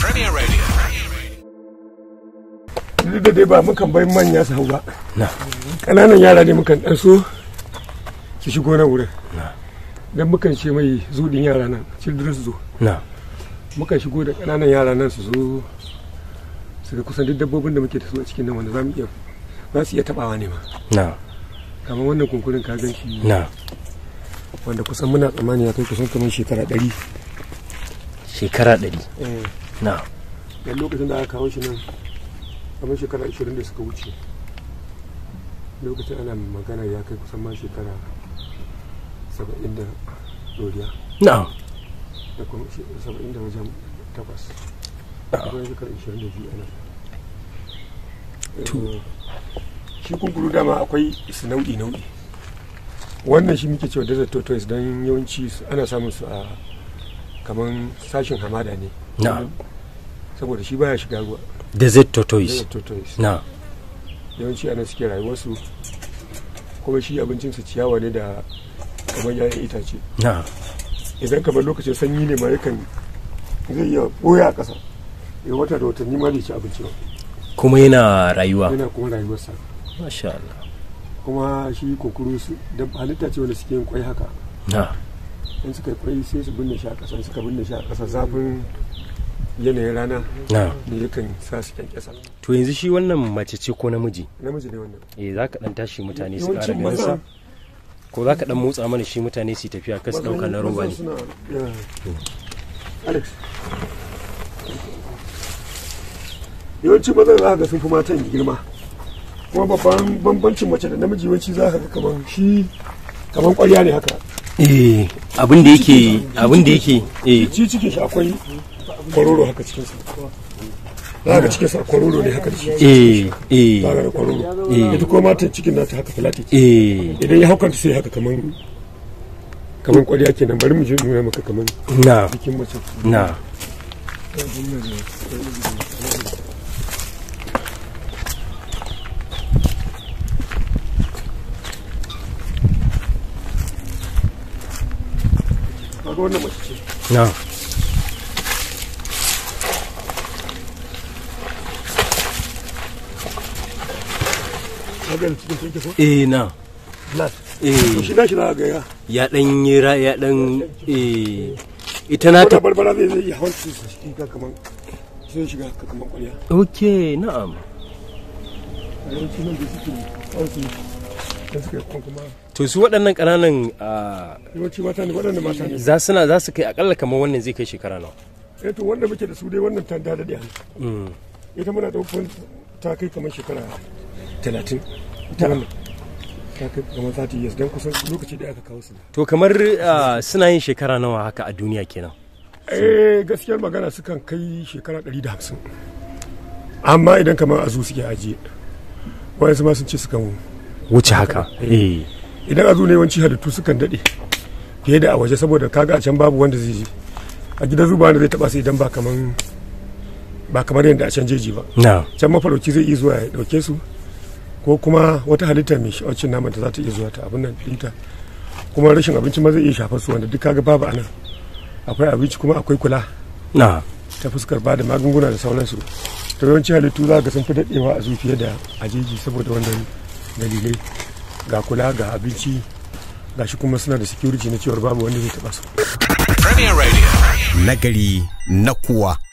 Premier Radio. Duk da dai ba mukan bai manya su hau ba. Ƙananan yara ne mukan ɗan so su shigo na wurin. Don mukan ce mai zuɗin yara nan, children's zo. Mukan shigo da ƙananan yara nan su zo su ga kusan duk dabbobin da muke da su a cikin nan wanda za mu iya za su iya taɓawa ne ma. Kamar wannan kunkurin ka gan shi. Wanda kusan muna tsammani ya kai kusan kamar shekara ɗari. shekara ɗari eh. na da lokacin da aka kawo shi nan kamar shekara 20 da suka wuce lokacin ana magana ya kai kusan ma shekara saba'in da doriya na da kuma saba'in da wajen takwas da kuma shekara 20 da biyu ana eh, shi kunkuru dama akwai su nau'i nau'i wannan shi muke cewa desert tortoise don yawanci ana samun su a kamar sashen hamada ne Na. saboda shi baya shiga ruwa desert tortoise desert tortoise Na. yawanci ana suke rayuwarsu kuma shi abincinsu ciyawa ne da kamar yayin itace Na. idan kamar lokacin sanyi ne mai zai iya boya a ƙasa ya eh, wata da watanni ma ci abinci kuma yana rayuwa yana kuma rayuwarsa masha Allah kuma shi kokuru su da halitta ce wanda suke yin kwai haka in suka yi kwai sai su binne shi a ƙasa suka binne shi a ƙasa zafin yanayin rana da kan sa su kyankyasa to yanzu shi wannan mace ce ko namiji namiji ne wannan eh za ka dan tashi mutane su ƙara ganin sa ko za ka dan motsa mana shi mutane su tafiya kasu ɗauka na roba ne alex yawanci mazan za ga sun fi matan girma kuma babban bambancin mace da namiji yawanci za ka ga kamar shi kamar ƙwarya ne haka eh abin da yake abin da yake eh ci ciki shi akwai kwaroro haka cikin sa za ga cikin sa kwaroro ne haka shi eh eh za ga kwaroro eh. ita ko mata cikin nata haka filati eh idan ya hauka ta sai haka kaman kaman kwariya kenan bari mu je mu yi maka kaman na cikin mace na kaga wannan mace na eh na eh shi na shi na ga ya ya dan yi ra ya dan eh ita na ta barbara zai su ka kaman shiga ka kaman okay na'am da suke da suke kuma to su waɗannan ƙananan yawanci mata ne za suna za su kai akalla kamar wannan zai kai shekara nawa eh to wanda muke da su dai wannan ta da dadi mm. ita muna ɗaukar ta kai kamar shekara talatin talatin ta kai kamar sati yes don kusan lokaci da aka kawo su to kamar suna yin shekara nawa haka a duniya kenan eh gaskiyar magana sukan kai shekara ɗari da hamsin amma idan kamar azu suke ajiye wayansu ma sun ce sukan wuce haka eh, eh. idan a zo ne halittu sukan daɗe fiye da a waje saboda kaga a can babu wanda zai je a gidan zuba wanda zai taba su idan ba kaman kamar yadda a can jeji ba can mafarauci zai iya zuwa ya ɗauke su ko kuma wata halitta mai sha'awacin naman da za ta iya zuwa ta abin nan ɗinta kuma rashin abinci ma zai iya shafar su wanda duk kaga babu anan akwai abinci kuma akwai kula ta fuskar ba da magunguna da sauransu ta yawanci halittu za ga sun fi daɗewa a fiye da a jeji saboda wannan dalilai ga kula ga abinci ga shi kuma suna da security na cewar babu wanda zai taɓa su. Premier Radio. Nagari na kuwa.